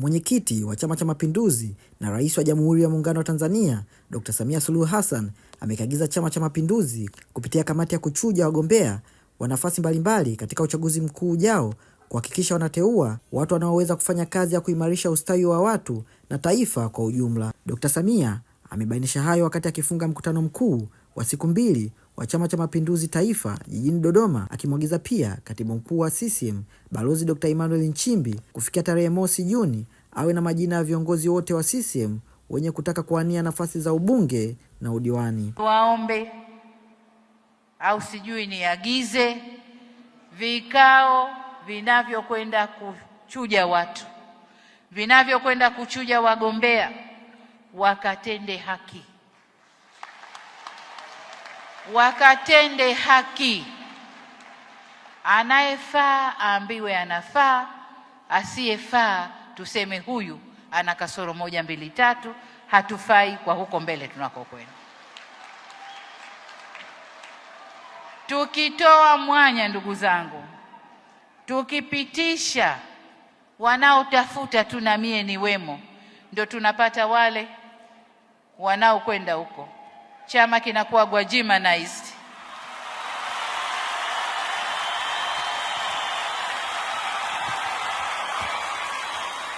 Mwenyekiti wa Chama cha Mapinduzi na Rais wa Jamhuri ya Muungano wa Tanzania, Dr. Samia Suluhu Hassan amekiagiza Chama cha Mapinduzi kupitia kamati ya kuchuja wagombea wa nafasi mbalimbali katika uchaguzi mkuu ujao kuhakikisha wanateua watu wanaoweza kufanya kazi ya kuimarisha ustawi wa watu na taifa kwa ujumla. Dr. Samia amebainisha hayo wakati akifunga mkutano mkuu wa siku mbili wa Chama cha Mapinduzi Taifa jijini Dodoma, akimwagiza pia Katibu Mkuu wa CCM Balozi Dr. Emmanuel Nchimbi kufikia tarehe mosi Juni awe na majina ya viongozi wote wa CCM wenye kutaka kuania nafasi za ubunge na udiwani. Waombe au sijui niagize vikao vinavyokwenda kuchuja watu, vinavyokwenda kuchuja wagombea, wakatende haki, wakatende haki. Anayefaa aambiwe anafaa, asiyefaa tuseme huyu ana kasoro moja mbili tatu, hatufai kwa huko mbele tunako kwenda. Tukitoa mwanya, ndugu zangu, tukipitisha wanaotafuta tu na mie ni wemo, ndio tunapata wale wanaokwenda huko, chama kinakuwa Gwajima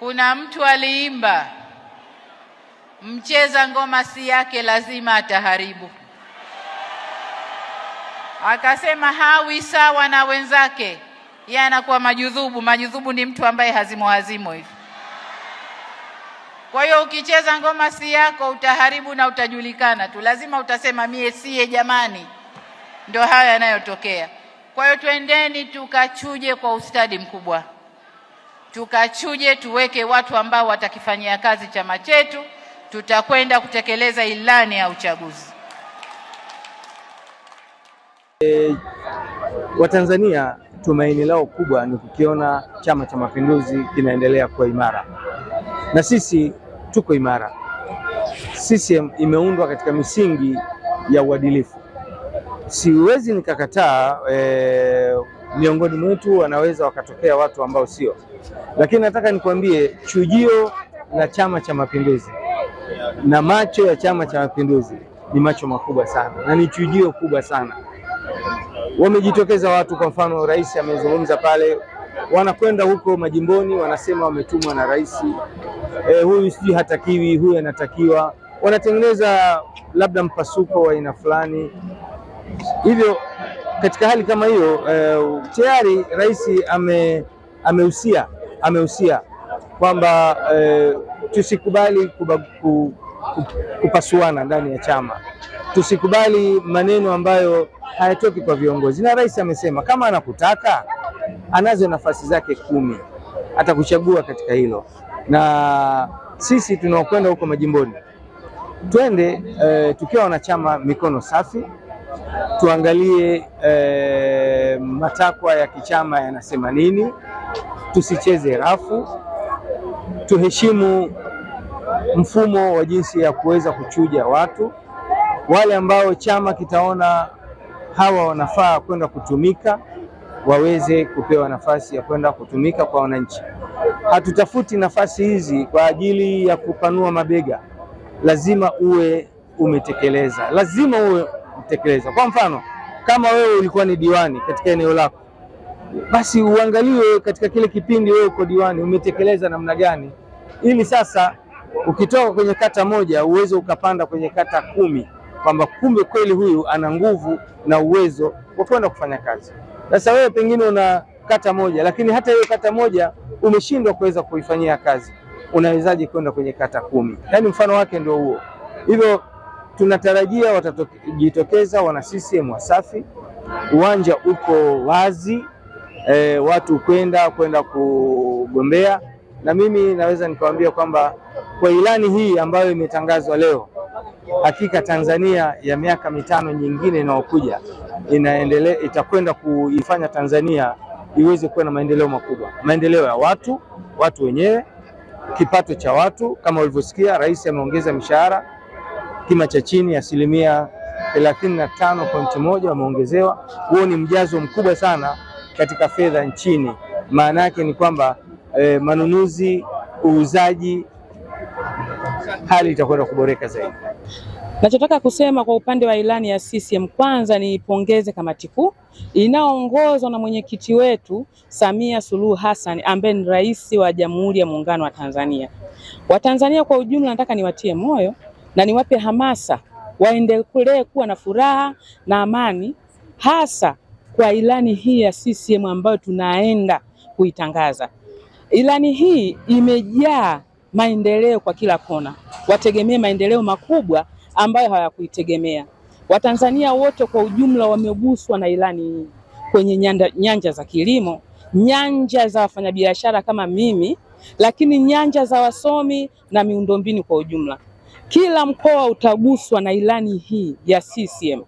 kuna mtu aliimba mcheza ngoma si yake lazima ataharibu, akasema hawi sawa na wenzake, yeye anakuwa majudhubu. Majudhubu ni mtu ambaye hazimu hazimu hivi. Kwa hiyo ukicheza ngoma si yako utaharibu na utajulikana tu, lazima utasema mie siye. Jamani, ndio hayo yanayotokea. Kwa hiyo twendeni tukachuje kwa ustadi mkubwa tukachuje, tuweke watu ambao watakifanyia kazi chama chetu. Tutakwenda kutekeleza ilani ya uchaguzi. E, Watanzania tumaini lao kubwa ni kukiona Chama cha Mapinduzi kinaendelea kuwa imara, na sisi tuko imara. CCM imeundwa katika misingi ya uadilifu. Siwezi nikakataa e, miongoni mwetu wanaweza wakatokea watu ambao sio, lakini nataka nikwambie chujio la Chama cha Mapinduzi na macho ya Chama cha Mapinduzi ni macho makubwa sana na ni chujio kubwa sana. Wamejitokeza watu, kwa mfano rais amezungumza pale, wanakwenda huko majimboni, wanasema wametumwa na rais e, huyu sijui hatakiwi, huyu anatakiwa, wanatengeneza labda mpasuko wa aina fulani hivyo katika hali kama hiyo eh, tayari rais ame amehusia amehusia kwamba eh, tusikubali kuba, ku, ku, kupasuana ndani ya chama, tusikubali maneno ambayo hayatoki kwa viongozi. Na rais amesema kama anakutaka anazo nafasi zake kumi, atakuchagua katika hilo, na sisi tunaokwenda huko majimboni twende eh, tukiwa wanachama mikono safi tuangalie e, matakwa ya kichama yanasema nini, tusicheze rafu, tuheshimu mfumo wa jinsi ya kuweza kuchuja watu wale ambao chama kitaona hawa wanafaa kwenda kutumika waweze kupewa nafasi ya kwenda kutumika kwa wananchi. Hatutafuti nafasi hizi kwa ajili ya kupanua mabega, lazima uwe umetekeleza, lazima uwe kutekeleza. Kwa mfano kama wewe ulikuwa ni diwani katika eneo lako, basi uangalie katika kile kipindi wewe uko diwani umetekeleza namna gani, ili sasa ukitoka kwenye kata moja uweze ukapanda kwenye kata kumi, kwamba kumbe kweli huyu ana nguvu na uwezo wa kwenda kufanya kazi. Sasa wewe pengine una kata moja, lakini hata hiyo kata moja umeshindwa kuweza kuifanyia kazi, unawezaje kwenda kwenye kata kumi? Yaani mfano wake ndio huo. Hivyo tunatarajia watajitokeza wana CCM Wasafi. Uwanja uko wazi e, watu kwenda kwenda kugombea, na mimi naweza nikawaambia kwamba kwa ilani hii ambayo imetangazwa leo, hakika Tanzania ya miaka mitano nyingine inayokuja inaendelea itakwenda kuifanya Tanzania iweze kuwa na maendeleo makubwa, maendeleo ya watu watu wenyewe, kipato cha watu. Kama ulivyosikia, rais ameongeza mishahara kima cha chini asilimia 35.1 wameongezewa. Huo ni mjazo mkubwa sana katika fedha nchini. Maana yake ni kwamba e, manunuzi, uuzaji, hali itakwenda kuboreka zaidi. Nachotaka kusema kwa upande wa ilani ya CCM kwanza niipongeze kamati kuu inaongozwa na mwenyekiti wetu Samia Suluhu Hassan ambaye ni rais wa Jamhuri ya Muungano wa Tanzania. Watanzania kwa ujumla nataka niwatie moyo na niwape hamasa waendelee kuwa na furaha na amani, hasa kwa ilani hii ya CCM ambayo tunaenda kuitangaza. Ilani hii imejaa maendeleo kwa kila kona, wategemee maendeleo makubwa ambayo hawakuitegemea. Watanzania wote kwa ujumla wameguswa na ilani hii kwenye nyanja, nyanja za kilimo, nyanja za wafanyabiashara kama mimi, lakini nyanja za wasomi na miundombinu kwa ujumla. Kila mkoa utaguswa na ilani hii ya CCM.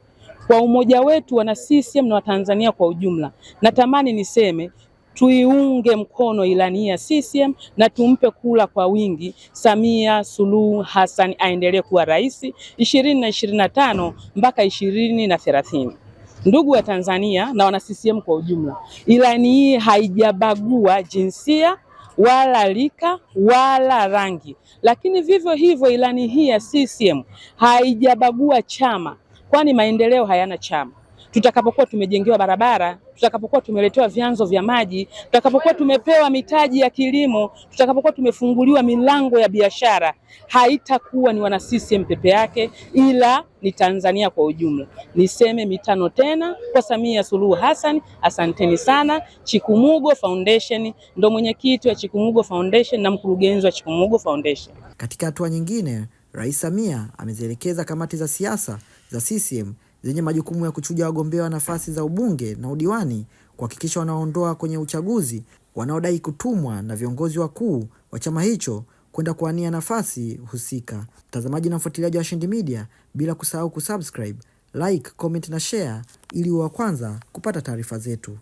Kwa umoja wetu wana CCM na Watanzania kwa ujumla, natamani niseme tuiunge mkono ilani hii ya CCM na tumpe kula kwa wingi Samia Suluhu Hassan aendelee kuwa rais ishirini na ishirini na tano mpaka ishirini na thelathini. Ndugu wa Tanzania na wana CCM kwa ujumla, ilani hii haijabagua jinsia wala lika wala rangi. Lakini vivyo hivyo ilani hii ya CCM haijabagua chama, kwani maendeleo hayana chama tutakapokuwa tumejengewa barabara, tutakapokuwa tumeletewa vyanzo vya maji, tutakapokuwa tumepewa mitaji ya kilimo, tutakapokuwa tumefunguliwa milango ya biashara, haitakuwa ni wana CCM pepe yake, ila ni Tanzania kwa ujumla. Niseme mitano tena kwa Samia Suluhu Hassan, asanteni sana. Chikumugo Foundation ndo mwenyekiti wa Chikumugo Foundation na mkurugenzi wa Chikumugo Foundation. Katika hatua nyingine, Rais Samia amezielekeza kamati za siasa za CCM zenye majukumu ya kuchuja wagombea wa nafasi za ubunge na udiwani, kuhakikisha wanaondoa kwenye uchaguzi wanaodai kutumwa na viongozi wakuu wa chama hicho kwenda kuania nafasi husika. Mtazamaji na mfuatiliaji wa Washindi Media, bila kusahau kusubscribe, like, comment na share ili wa kwanza kupata taarifa zetu.